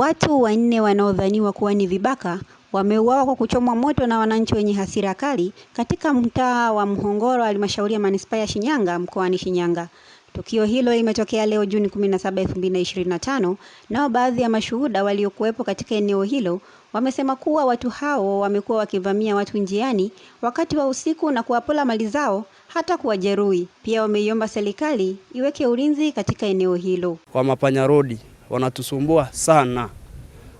Watu wanne wanaodhaniwa kuwa ni vibaka wameuawa kwa kuchomwa moto na wananchi wenye hasira kali katika mtaa wa Mhongoro, halmashauri ya manispaa ya Shinyanga, mkoani Shinyanga. Tukio hilo limetokea leo Juni 17, 2025, nao baadhi ya mashuhuda waliokuwepo katika eneo hilo wamesema kuwa watu hao wamekuwa wakivamia watu njiani wakati wa usiku na kuwapola mali zao hata kuwajeruhi. Pia wameiomba serikali iweke ulinzi katika eneo hilo. Kwa Mapanya rodi wanatusumbua sana.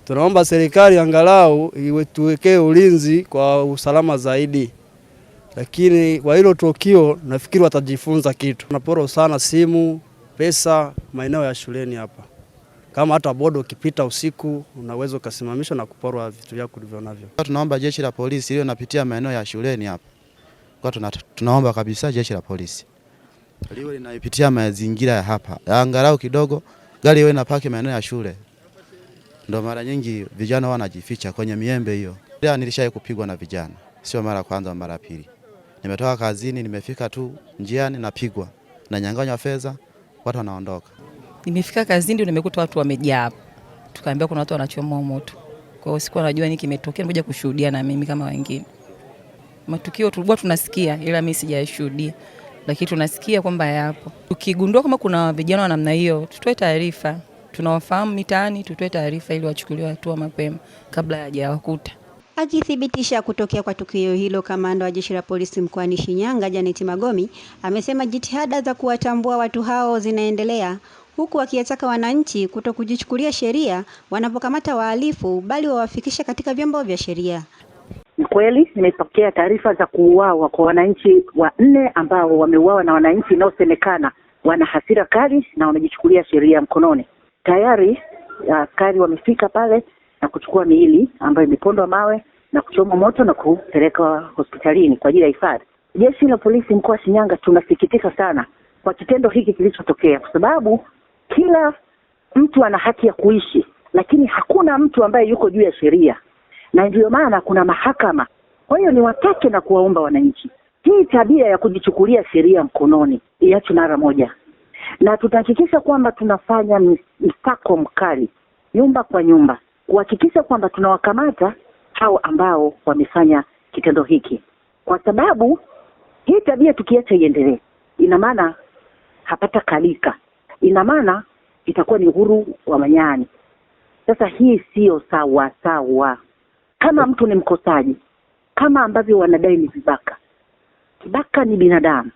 Tunaomba serikali angalau iwetuwekee ulinzi kwa usalama zaidi, lakini kwa hilo tukio nafikiri watajifunza kitu. Naporo sana simu, pesa, maeneo ya shuleni hapa kama hata bodo ukipita usiku unaweza ukasimamishwa na kuporwa vitu vyako ulivyo navyo. Tunaomba jeshi la polisi lio napitia maeneo ya shuleni hapa kwa tuna, tunaomba kabisa jeshi la polisi liwe linaipitia mazingira ya hapa angalau kidogo gari iwe inapaki maeneo ya shule, ndo mara nyingi vijana wanajificha kwenye miembe hiyo. Nilishai kupigwa na vijana, sio mara kwanza, mara pili. Nimetoka kazini, nimefika tu njiani, napigwa na nyanganywa fedha, watu wanaondoka. Nimefika kazini ndio nimekuta watu wamejaa tukaambia kuna watu wanachomoa moto. Kwa hiyo sikuwa najua nini kimetokea, nimekuja kushuhudia na mimi kama wengine. Matukio tulikuwa tunasikia, ila mimi sijashuhudia lakini tunasikia kwamba yapo. Tukigundua kama kuna vijana wa namna hiyo, tutoe taarifa. Tunawafahamu mitaani, tutoe taarifa ili wachukuliwe hatua mapema kabla hajawakuta. Akithibitisha kutokea kwa tukio hilo, kamanda wa jeshi la polisi mkoani Shinyanga janeti Magomi amesema jitihada za kuwatambua watu hao zinaendelea, huku wakiwataka wananchi kuto kujichukulia sheria wanapokamata wahalifu, bali wawafikishe katika vyombo vya sheria kweli nimepokea taarifa za kuuawa kwa wananchi wanne ambao wameuawa na wananchi inaosemekana wana hasira kali na wamejichukulia sheria mkononi. Tayari uh, askari wamefika pale na kuchukua miili ambayo imepondwa mawe na kuchoma moto na kupeleka hospitalini kwa ajili ya hifadhi. Jeshi la polisi mkoa wa Shinyanga tunasikitika sana kwa kitendo hiki kilichotokea, kwa sababu kila mtu ana haki ya kuishi, lakini hakuna mtu ambaye yuko juu ya sheria na ndiyo maana kuna mahakama. Kwa hiyo ni watake na kuwaomba wananchi, hii tabia ya kujichukulia sheria mkononi iache mara moja, na tutahakikisha kwamba tunafanya msako mkali nyumba kwa nyumba kuhakikisha kwamba tunawakamata hao ambao wamefanya kitendo hiki, kwa sababu hii tabia tukiacha iendelee, ina maana hapata kalika, ina maana itakuwa ni uhuru wa manyani. Sasa hii siyo sawa sawa. Kama mtu ni mkosaji, kama ambavyo wanadai ni vibaka, kibaka ni binadamu,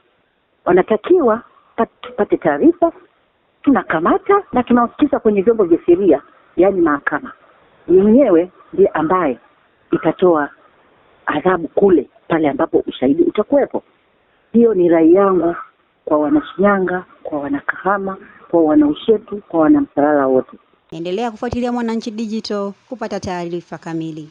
wanatakiwa tupate taarifa, tunakamata na tunawasikiza kwenye vyombo vya sheria, yaani mahakama yenyewe ndiye ambaye itatoa adhabu kule pale ambapo ushahidi utakuwepo. Hiyo ni rai yangu kwa Wanashinyanga, kwa Wanakahama, kwa Wanaushetu, kwa Wanamsalala wote. Endelea kufuatilia Mwananchi Digital kupata taarifa kamili.